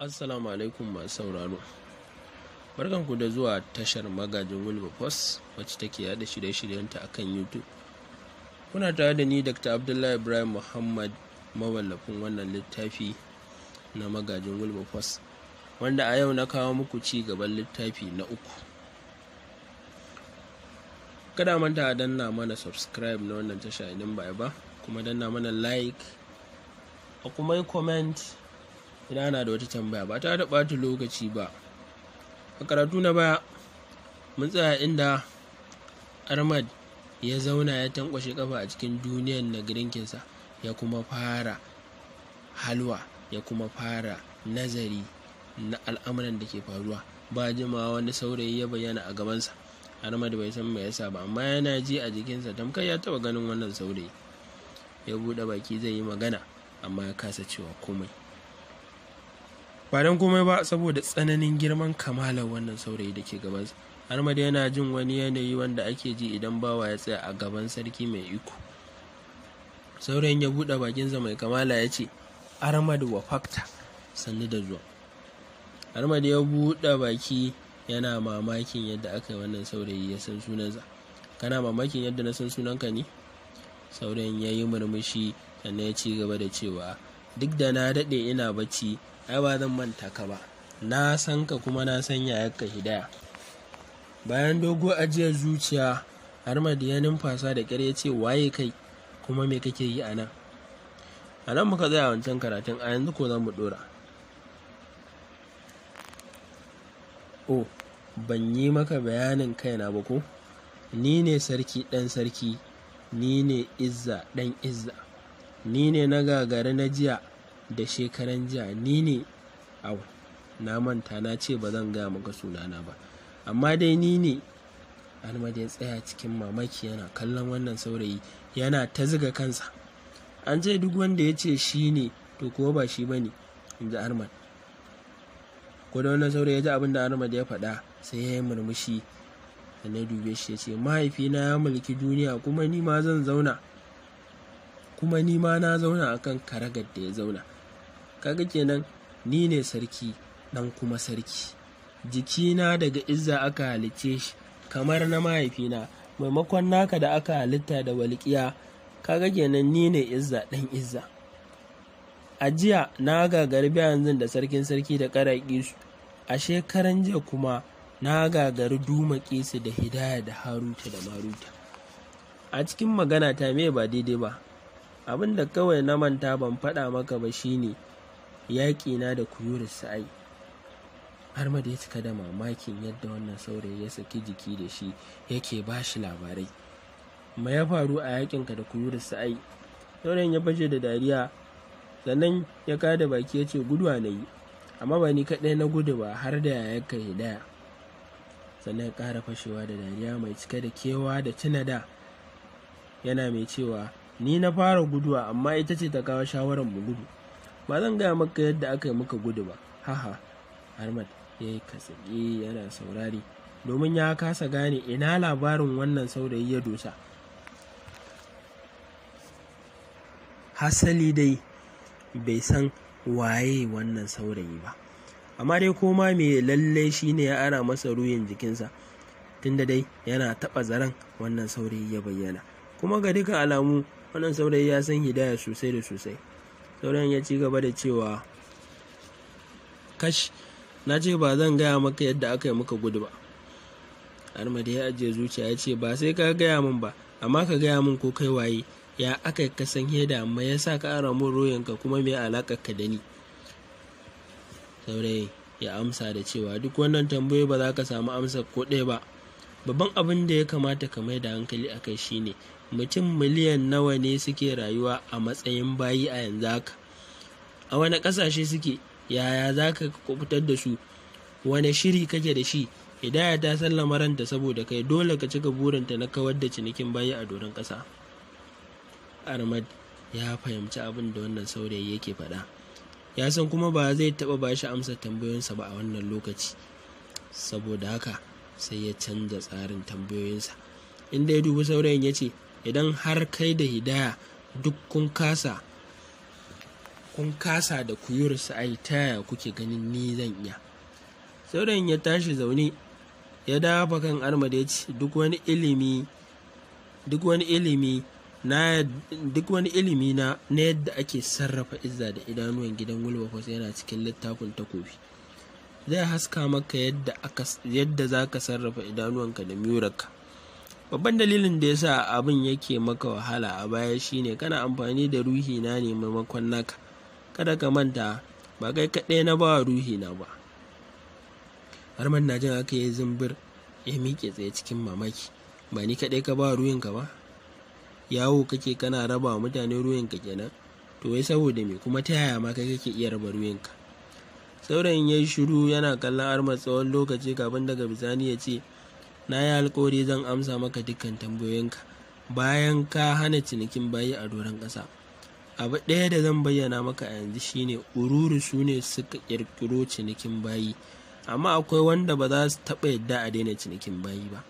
assalamu alaikum masu sauraro ku da zuwa tashar magajin post wacce take yada shirye-shiryenta a kan youtube kuna tare da ni dr abdullahi ibrahim muhammad mawallafin wannan littafi na magajin post wanda a yau na kawo muku ci gaban littafi na uku kada manta a danna mana subscribe na wannan tasha idan ba ba kuma danna mana like a kuma yi comment idan ana da wata tambaya ba ta da ɓata lokaci ba a karatu na baya mun tsaya inda armad ya zauna ya tankwashe kafa a cikin duniyar na girinkinsa ya kuma fara halwa ya kuma fara nazari na al'amuran da ke faruwa ba jimawa wani saurayi ya bayyana a gabansa armad bai san mai yasa ba amma yana ji a jikinsa tamkar ya taba ganin wannan saurayi ya buɗe baki zai yi magana amma ya kasa cewa komai ba don komai ba saboda tsananin girman kamalar wannan saurayi da ke gabansa armad yana jin wani yanayi wanda ake ji idan bawa ya tsaya a gaban sarki mai iko saurayin ya buɗe bakinsa mai kamala ya ce armad wa fakta sannu da zuwa armad ya buɗe baki yana mamakin yadda aka yi wannan saurayi ya san sunansa kana mamakin yadda na san sunanka ne saurayin ya yi murmushi sannan ya ci gaba da cewa duk da na daɗe ina bacci ai ba zan manta ka ba na san ka kuma na san yayarka hidaya bayan dogo ajiyar zuciya harmad ya numfasa da kyar ce waye kai kuma me kake yi anan? nan a nan muka tsaya wancan karatun a yanzu ko za mu ɗora o oh, ban yi maka bayanin kaina ba ko ni ne sarki ɗan sarki ni ne izza ɗan izza ni ne na gagari na jiya da shekaran jiya ni ne au na manta na ce ba zan gaya maka sunana ba amma dai ni ne almadi ya tsaya cikin mamaki yana kallon wannan saurayi yana ta ziga kansa an ce duk wanda ya ce shi ne to kuwa ba shi ba ne in ji armad ko da wannan saurayi ya ji abin da ya faɗa sai ya yi murmushi da na dube shi ya ce mahaifina ya mulki duniya kuma ni ma zan zauna kuma ni ma na zauna akan karagar da ya zauna kaga kenan ni ne sarki ɗan kuma sarki jikina daga izza aka halice shi kamar na mahaifina maimakon naka da aka halitta da walƙiya kaga kenan ni ne izza ɗan izza a jiya na gagari yanzu da sarkin sarki da ƙaraƙi su a shekaran jiya kuma na gagari duma su da hidaya da haruta da maruta a cikin magana ta me ba daidai ba abin da kawai na manta ban faɗa maka ba shine Yaƙi na da kuyurin sa'ai har ma da ya cika da mamakin yadda wannan saurayi ya saki jiki da shi yake ba shi labarai ma ya faru a yaƙinka da kuyurin sa'ai saurayin ya baje da dariya sannan ya kada baki ya ce guduwa na yi amma ba ni kaɗai na gudu ba har da yayanka hidaya sannan ya ƙara fashewa da dariya mai cika da kewa da tuna da yana mai cewa ni na fara guduwa amma ita ce ta kawo shawarar mu gudu ba zan gaya maka yadda aka yi muka gudu ba haha ahmad ya yi katsaki yana saurari domin ya kasa gane ina labarin wannan saurayi ya dosa hasali dai bai san waye wannan saurayi ba amma dai koma mai lalle shi ne ya ara masa ruyin jikinsa tunda dai yana taɓa zaren wannan saurayi ya bayyana kuma ga duka alamu wannan saurayi ya san hidaya sosai da sosai sauran ya ci gaba da cewa kash na ce ba zan gaya maka yadda aka yi muka gudu ba armadi ya ajiye zuciya ya ce ba sai ka gaya min ba amma ka gaya min ko kai waye ya aka ka san heda amma ya sa ka ara mun royanka kuma mai alaƙa ka da ni saurayi ya amsa da cewa duk wannan tambayoyi ba za ka samu amsa ko ɗaya ba babban abin da ya kamata ka mai da hankali a kai shine mutum miliyan nawa ne suke rayuwa a matsayin bayi a yanzu haka a wani ƙasashe suke yaya za ka kubutar da su wani shiri kake da shi hidaya ta sallama ranta saboda kai dole ka cika burinta na kawar da cinikin bayi a doron ƙasa armad ya fahimci abin da wannan saurayi yake faɗa ya san kuma ba zai taɓa ba shi amsa tambayoyinsa ba a wannan lokaci saboda haka sai ya canza tsarin tambayoyinsa inda ya dubi saurayin ya ce idan har kai da hidaya duk kun kasa kun kasa da kuyur ai ta yaya kuke ganin ni zan iya saurayin ya tashi zaune ya dafa kan armada ya duk wani ilimi duk wani ilimi na duk wani ilimi na na yadda ake sarrafa izza da idanuwan gidan wilberforce yana cikin littafin takobi zai haska maka yadda za ka sarrafa idanuwanka da miyurka. babban dalilin da ya sa abin yake maka wahala a baya shine kana amfani da ruhina ne maimakon naka kada ka manta ba kai kaɗai na ba ruhi na ba harman na jin aka yi zumbir ya miƙe tsaye cikin mamaki ba ni kaɗai ka ba ruhinka ba yawo kake kana raba wa mutane ruhinka kenan to wai saboda me kuma ta yaya ma kai kake iya raba ruhinka saurayin ya shiru yana kallon armar tsawon lokaci kafin daga bisani ya ce na yi alkawari zan amsa maka dukkan tambayoyinka bayan ka hana cinikin bayi a doron ƙasa abu ɗaya da zan bayyana maka a yanzu shine ururu su ne suka ƙirƙiro cinikin bayi amma akwai wanda ba za su taɓa yadda a daina cinikin bayi ba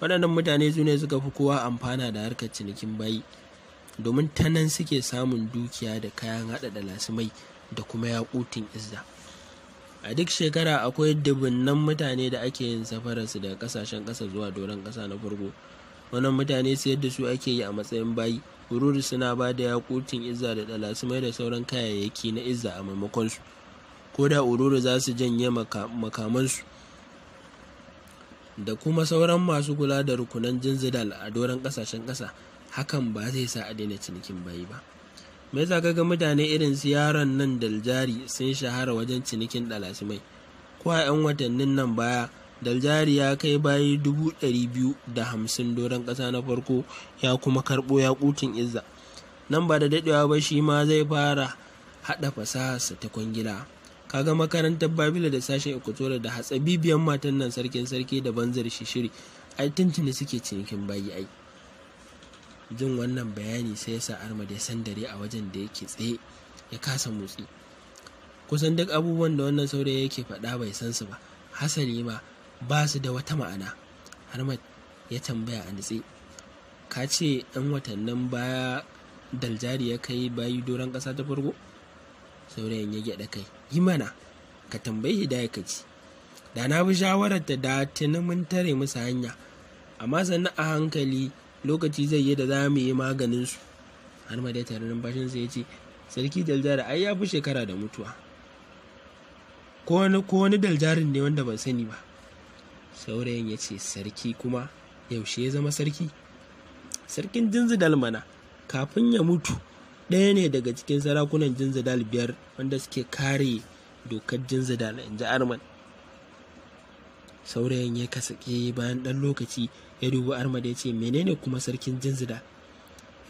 waɗannan mutane su ne suka fi kowa amfana da harkar cinikin bayi domin ta nan suke samun dukiya da kayan haɗa da lasimai da kuma yaƙutin izza a duk shekara akwai dubunnan mutane da ake yin safararsu daga kasashen ƙasa zuwa doron ƙasa na farko wannan mutane sayar da su ake yi a matsayin bayi bururu suna ba da yakutin izza da mai da sauran kayayyaki na izza a maimakon su ko da ururu za su janye makamansu da kuma sauran masu kula da rukunan jinzidal a doron ƙasashen ƙasa hakan ba zai sa a daina cinikin bayi ba me yasa kaga mutane irin su yaron nan daljari sun shahara wajen cinikin dalasimai ko a 'yan watannin nan baya daljari ya kai bayi dubu ɗari biyu da hamsin doron ƙasa na farko ya kuma karɓo yakutin izza nan ba da daɗewa ba shi ma zai fara haɗa sa ta kwangila Ka ga makarantar babila da sashen ekwatoriya da hatsa bibiyan matan nan sarkin sarki da banzar shiri, ai tuntuni suke cinikin bayi ai jin wannan bayani sai ya sa armad ya dare a wajen da yake tsaye ya kasa motsi kusan duk abubuwan da wannan saurayi yake faɗa bai san su ba hasali ma ba su da wata ma'ana armad ya tambaya a nutse ka ce ɗan watannin baya daljari ya kai bayi doron ƙasa ta farko saurayin ya gyaɗa kai yi mana ka tambayi hidaya ka ci da na bi shawarar ta da tuni mun tare musu hanya amma sannan a hankali lokaci zai yi da za mu yi maganin su ma dai tare bashin sai ya ce sarki daljara ai ya fi shekara da mutuwa ko wani ko wani daljarin ne wanda ban sani ba saurayin ya ce sarki kuma yaushe ya zama sarki sarkin jinzidal mana kafin ya mutu ɗaya ne daga cikin sarakunan jinzidal biyar wanda suke kare dokar jinzidal in ji arman saurayin ya kasake bayan ɗan lokaci ya dubi armada ya ce menene kuma sarkin jinzida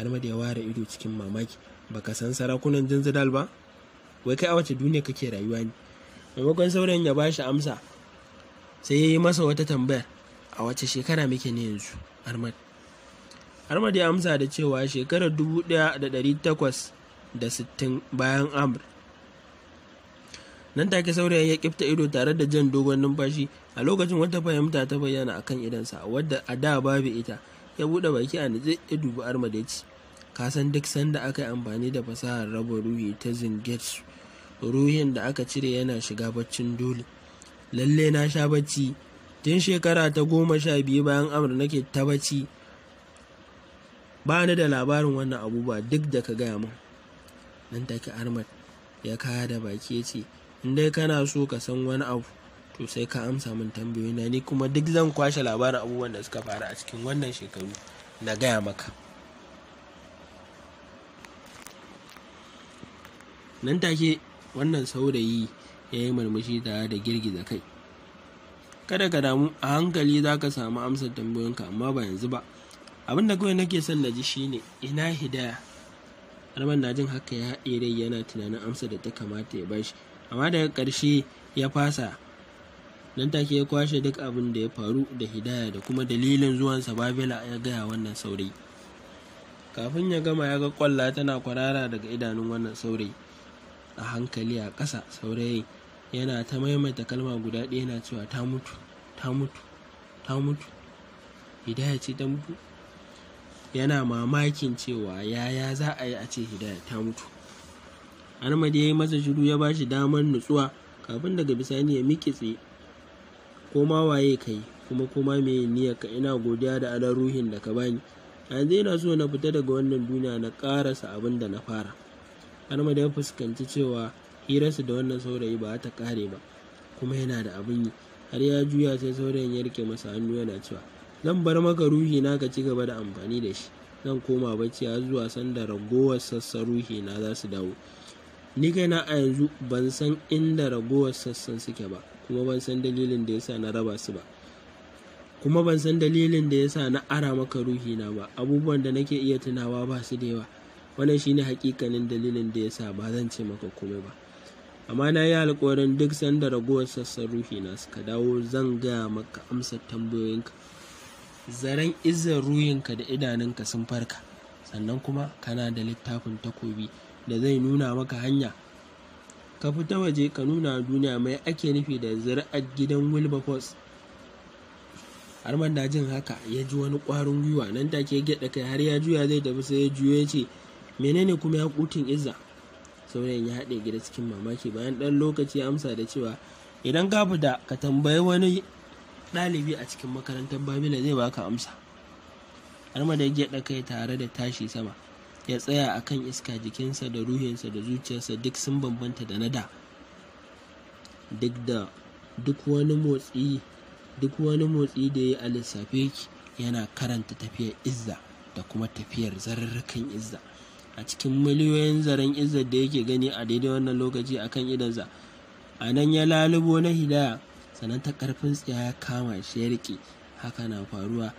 armada ya ware ido cikin mamaki baka san sarakunan jinzidal ba wai kai a wace duniya kake rayuwa ne maimakon saurayin ya bashi amsa sai ya yi masa wata tambayar a wace shekara muke ne yanzu armad armad ya amsa da cewa shekarar 1860 bayan amr nan take saurayi ya kifta ido tare da jan dogon numfashi a lokacin wata fahimta ta bayyana a kan idansa wadda a da babu ita ya buɗe baki a nutse ya dubi arma ka san duk sanda aka yi amfani da fasahar raba ruhi ta zingetsu ruhin da aka cire yana shiga baccin dole lalle na sha bacci tun shekara ta goma sha biyu bayan amur nake ta bacci ba da labarin wannan abubuwa duk da ka gaya min nan take armad ya kaya da baki ya ce In dai kana so ka san wani abu to sai ka amsa min tambayoyina ni kuma duk zan kwashe labarin abubuwan da suka faru a cikin wannan shekaru na gaya maka nan take wannan saurayi ya yi murmushi tare da girgiza kai kada ka damu a hankali za ka samu amsar tambayoyinka amma ba yanzu ba abinda kawai nake son na ji shine ina hidaya harman na jin haka ya haɗe rai yana tunanin amsar da ta kamata ya bashi amma daga ƙarshe ya fasa nan take ya kwashe duk abin da ya faru da hidaya da kuma dalilin zuwansa babila ya gaya wannan saurayi kafin ya gama ya ga kwalla tana kwarara daga idanun wannan saurayi a hankali a ƙasa saurayi yana ta maimaita kalma guda ɗaya yana cewa ta mutu ta mutu ta mutu hidaya ce ta mutu yana mamakin cewa yaya za a yi a ce hidaya ta mutu Armadi ya yi masa shiru ya ba shi damar nutsuwa kafin daga bisani ya miƙe tsaye. Koma waye kai kuma kuma me niyya ka ina godiya da alar ruhin da ka bani. Yanzu ina so na fita daga wannan duniya na karasa abin da na fara. Armadi ya fuskanci cewa hirarsa da wannan saurayi ba ta kare ba kuma yana da abin yi har ya juya sai saurayin ya rike masa hannu yana cewa zan bar maka ruhi na ka ci gaba da amfani da shi zan koma bacci har zuwa sanda ragowar sassan ruhi na za su dawo ni na a yanzu ban san inda ragowar sassan suke ba kuma ban san dalilin da yasa na raba su ba kuma ban san dalilin da yasa na ara maka ruhina ba abubuwan da nake iya tunawa ba su da yawa wannan shine hakikanin dalilin da yasa ba zan ce maka komai ba amma na yi alkawarin duk sanda ragowar sassan ruhina suka dawo zan gaya maka amsar tambayoyinka zaren izar ruhinka da idanunka sun farka sannan kuma kana da littafin takobi da zai nuna maka hanya ka fita waje ka nuna duniya mai ake nufi da zira'ar gidan wilberforce harman na jin haka ya ji wani kwarin gwiwa nan take gyaɗa kai har ya juya zai tafi sai ya juya ce menene kuma ya kutin izza saurayin ya haɗe gida cikin mamaki bayan ɗan lokaci amsa da cewa idan ka fita ka tambayi wani ɗalibi a cikin makarantar babila zai baka amsa har ma da gyaɗa kai tare da tashi sama ya tsaya a kan iska jikinsa da ruhinsa da zuciyarsa duk sun bambanta da na da duk wani motsi duk wani motsi da ya yi a lissafe yana karanta tafiyar izza da kuma tafiyar zararrakan izza a cikin miliyoyin zaren izza da yake gani a daidai wannan lokaci a kan idansa a nan ya lalubo na hidaya sannan ta karfin tsaya ya kama shi ya riƙe haka na faruwa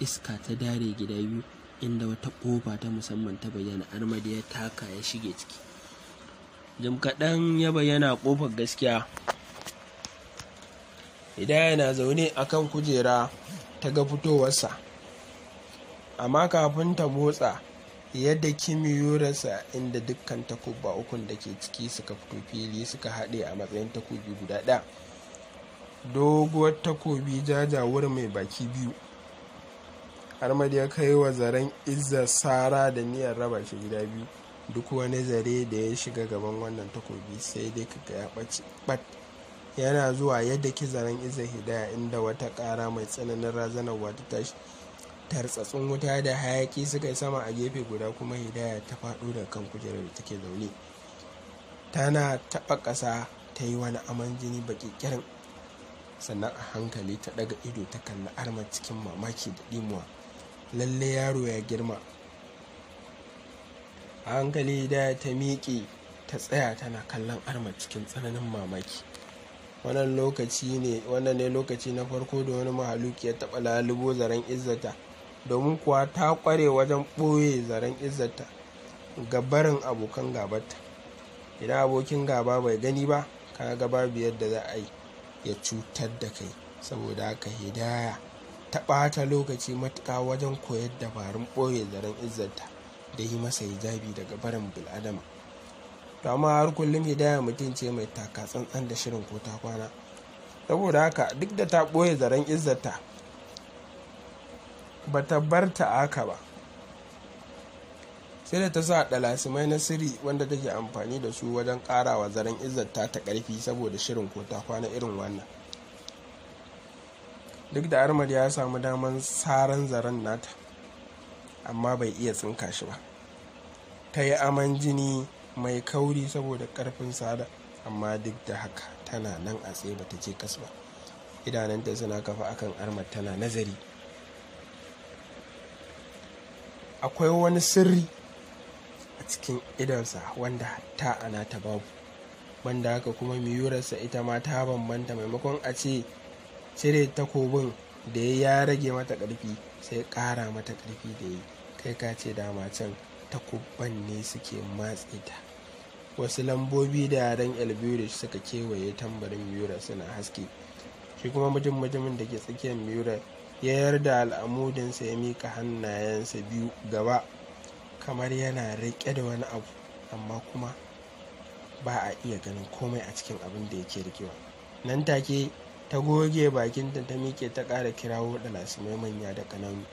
iska ta dare gida biyu inda wata ƙofa ta musamman ta bayyana armadi ya taka ya shige ciki jim kaɗan ya bayyana ƙofar gaskiya hidaya na zaune a kan kujera ta ga fitowarsa amma kafin ta motsa yadda yurarsa inda dukkan takubba ukun da ke ciki suka fito fili suka haɗe a matsayin takobi guda ɗaya doguwar takobi jajawar mai baki biyu Ahmad ya kai wa zaren izza sara da niyyar raba shi gida biyu duk wani zare da ya shiga gaban wannan takobi sai dai kaga ya ɓace bat yana zuwa yadda ki zaren izza hidaya inda wata ƙara mai tsananin razanar wata tashi tartsatsun wuta da hayaki suka yi sama a gefe guda kuma hidaya ta faɗo da kan kujerar da take zaune tana taɓa ƙasa ta yi wani aman jini baki kirin sannan a hankali ta ɗaga ido ta kalli armar cikin mamaki da ɗimuwa lalle yaro ya girma a hankali da ta miƙe ta tsaya tana kallon arma cikin tsananin mamaki wannan lokaci ne wannan ne lokaci na farko da wani mahaluki ya taɓa lalubo zaren izzata domin kuwa ta ƙware wajen ɓoye zaren izzata barin abokan gabata idan abokin gaba bai gani ba kaga babu yadda za a yi ya cutar da kai saboda haka hidaya ta ɓata lokaci matuƙa wajen koyar dabarun ɓoye zaren izzarta da yi masa hijabi daga barin bil'adama to amma har kullum hidaya mutum ce mai taka tsantsan da shirin ko ta kwana saboda haka duk da ta ɓoye zaren izzarta ba ta bar ta haka ba sai da ta sa ɗalasimai na sirri wanda take amfani da su wajen ƙarawa zaren izzarta ta ƙarfi saboda shirin ko ta kwana irin wannan duk da armar ya samu daman saran zaren nata amma bai iya tsinka shi ba ta yi aman jini mai kauri saboda karfin sada amma duk da haka tana nan a tsaye ba ta ce kas ba idananta suna kafa akan armar tana nazari akwai wani sirri a cikin idonsa wanda ta ana ta babu banda haka kuma miyurarsa ita ma ta bambanta maimakon a ce cire takobin da ya rage mata ƙarfi sai ƙara mata ƙarfi da yi kai ka ce dama can takubban ne suke matse ta wasu lambobi da yaren elburish suka kewaye tambarin miura suna haske shi kuma mutum da ke tsakiyar miura ya yarda al'amudinsa ya mika hannayensa biyu gaba kamar yana riƙe da wani abu amma kuma ba a iya ganin komai a cikin abin da yake rikewa nan take ta goge bakinta ta miƙe ta ƙara kirawo lasimai manya da ƙananu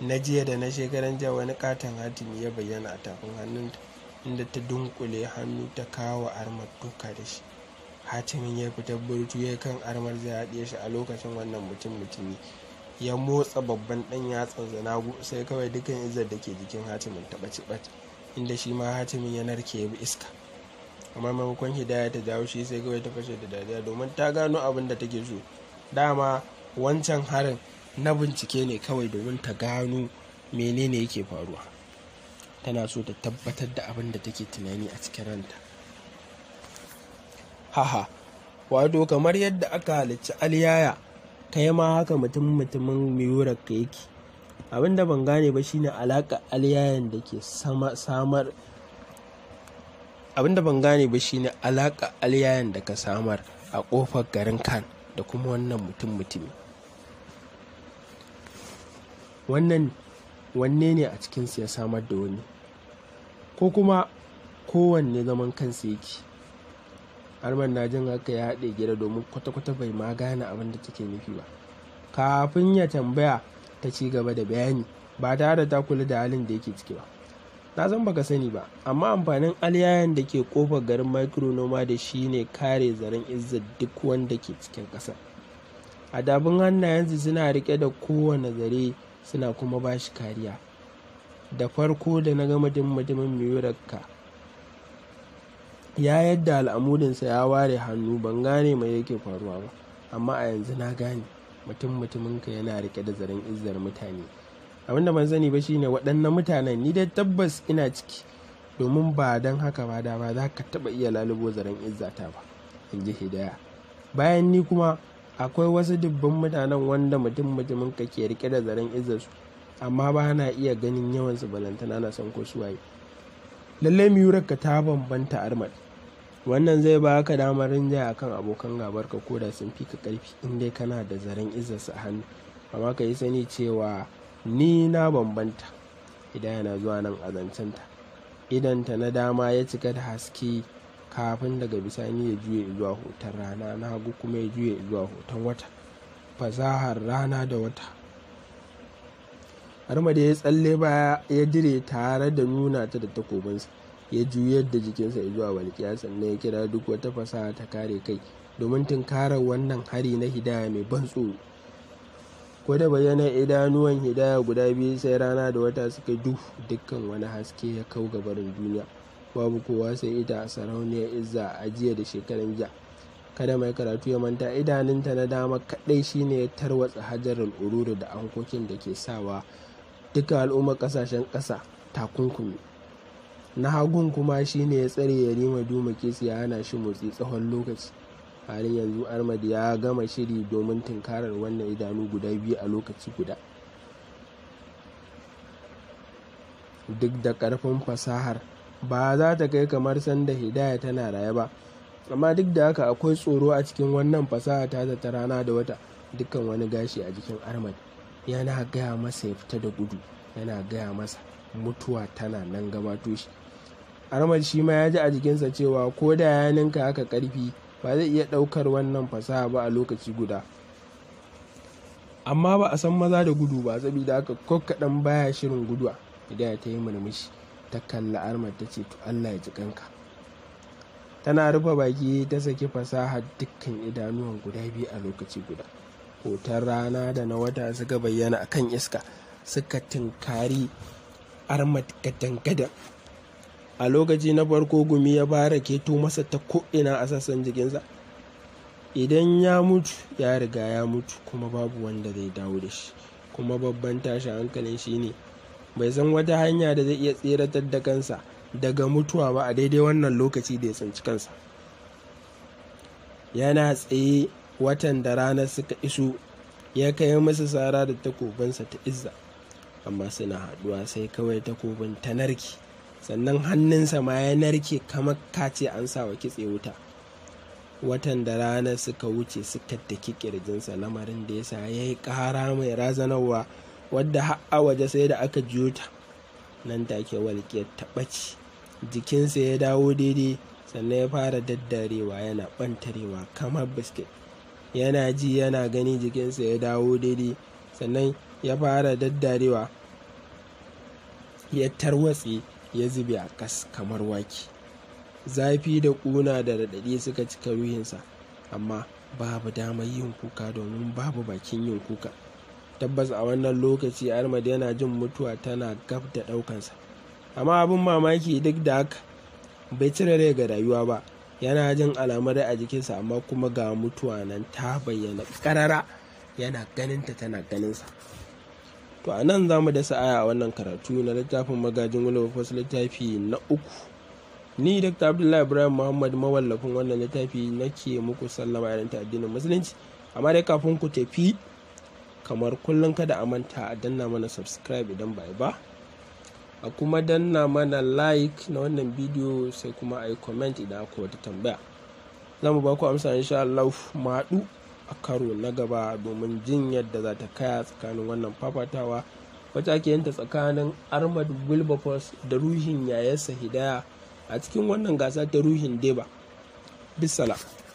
na jiya da na shekaran jiya wani katon hatimi ya bayyana a tafin hannunta inda ta dunkule hannu ta kawo armar duka da shi hatimin ya fita burtu ya kan armar zai haɗe shi a lokacin wannan mutum mutumi ya motsa babban ɗan yatsan zanagu sai kawai dukan izar da ke jikin hatimin ta ɓaci inda shi ma hatimin ya narke ya bi iska amma maimakon hidaya ta jawo shi sai kawai ta fashe da dariya domin ta gano abin da take so dama wancan harin na bincike ne kawai domin ta gano menene yake faruwa tana so ta tabbatar da abin da take tunani a cikin ranta haha wato kamar yadda aka halicci aliyaya kai ma haka mutum mutumin miyurar ka yake abin da ban gane ba shine alaƙa aliyayan da ke samar abinda ban gane ba shine alaka alyayan da ka samar a kofar garin kan da kuma wannan mutum mutumi wannan wanne ne a cikinsu ya samar da wani ko kuma kowanne zaman kansa yake harman na jin haka ya haɗe gida domin kwata-kwata bai ma gane abin da take nufi ba kafin ya tambaya ta ci gaba da bayani ba tare da ta kula da halin da yake ciki ba na san baka sani ba amma amfanin alyayan da ke kofar garin micronoma da shi ne kare zaren izzar duk wanda ke cikin ƙasa adabin hannayensu suna rike da kowane zare suna kuma ba shi kariya da farko da na ga mutumin miyurarka ya yadda al'amudinsa ya ware hannu ban gane mai yake faruwa ba amma a yanzu na gane mutum mutuminka yana rike da zaren izzar mutane abinda ban sani ba shine waɗannan mutanen ni dai tabbas ina ciki domin ba don haka ba da ba za ka taɓa iya lalubo zaren izzata ba in ji hidaya bayan ni kuma akwai wasu dubban mutanen wanda mutum mutumin ka ke rike da zaren izzarsu amma ba na iya ganin yawan su balantana na san ko suwaye lallai ka ta bambanta armad wannan zai ba ka damar rinjaya kan abokan gabarka ko da sun fi ka karfi in dai kana da zaren izarsu a hannu amma ka yi sani cewa ni na bambanta idan yana zuwa nan a zancenta ta na dama ya cika da haske kafin daga bisani ya juya zuwa hoton rana na hagu kuma ya juye zuwa hoton wata fasahar rana da wata harma da ya tsalle baya ya dire tare da nuna ta da takobinsa ya juyar da jikinsa ya zuwa walƙiya sannan ya kira duk wata fasaha ta kare kai domin tunkarar wannan hari na hidaya mai ban tsoro ko da bayyana idanuwan hidaya guda biyu sai rana da wata suka duhu dukkan wani haske ya kau ga barin duniya babu kowa sai ita a sarauniya izza a jiya da shekaran jiya kada mai karatu ya manta idanunta na dama kaɗai shine ya tarwatsa hajarar ururu da ankokin da ke sawa duka al'ummar kasashen ƙasa takunkumi na hagun kuma shine ya tsare ya rima duma kisi ya hana shi motsi tsawon lokaci halin yanzu ahmad ya gama shiri domin tunkarar wannan idanu guda biyu a lokaci guda duk da karfin fasahar ba za ta kai kamar sanda hidaya tana raye ba amma duk da haka akwai tsoro a cikin wannan fasaha ta ta rana da wata dukkan wani gashi a jikin armad yana gaya masa ya fita da gudu yana gaya masa mutuwa tana nan gabato shi armad shi ma ya ji a jikinsa cewa ko da ya ninka haka karfi ba zai iya ɗaukar wannan fasaha ba a lokaci guda amma ba a san maza da gudu ba saboda haka ko kaɗan baya shirin guduwa idan ta yi murmushi ta kalla armar ta ce to allah ya ji kanka tana rufe baki ta saki fasaha dukkan idanuwan guda biyu a lokaci guda hoton rana da na wata suka bayyana akan iska suka tinkari armar gadan-gadan a lokaci na farko gumi ya bara keto masa ta ko'ina a sassan jikinsa idan ya mutu ya riga ya mutu kuma babu wanda zai dawo da shi kuma babban tashi hankalin shi ne bai san wata hanya da zai iya tseratar da kansa daga mutuwa ba a daidai wannan lokaci da ya tsinci kansa yana tsaye watan da ranar suka iso ya kai masa sara da takobinsa ta izza amma suna haɗuwa sai kawai takobin ta narki sannan hannunsa ma ya narke kamar kace an sa wa kitse wuta watan da rana suka wuce suka daki kirjinsa lamarin da yasa ya yi ƙara mai razanarwa wadda ha'a waje sai da aka juta. ta nan take walƙiyar taɓaci jikinsa ya dawo daidai sannan ya fara daddarewa yana ɓantarewa kamar biskit yana ji yana gani jikinsa ya dawo daidai sannan ya fara daddarewa ya tarwatse ya zube a kas kamar wake zafi da ƙuna da raɗaɗi suka cika ruhinsa amma babu damar yin kuka domin babu bakin yin kuka tabbas a wannan lokaci armad yana jin mutuwa tana gab da ɗaukansa amma abin mamaki duk da haka bai cire rai ga rayuwa ba yana jin alamar a jikinsa amma kuma ga mutuwa nan ta bayyana ƙarara yana ganinta tana ganinsa to a nan za mu dasa aya a wannan karatu na littafin magajin wani wasu littafi na uku ni dr abdullahi ibrahim muhammad mawallafin wannan littafi na ke muku sallama irin ta addinin musulunci amma dai kafin ku tafi kamar kullum kada a manta a danna mana subscribe idan ba ba a kuma danna mana like na wannan bidiyo sai kuma a yi comment idan ku wata tambaya za mu ba ku amsa insha Allah mu a karo na gaba domin jin yadda za ta kaya tsakanin wannan fafatawa wacce ake yanta tsakanin armad wilberforce da ruhin yayarsa hidaya a cikin wannan gasa ta ruhin deba bisala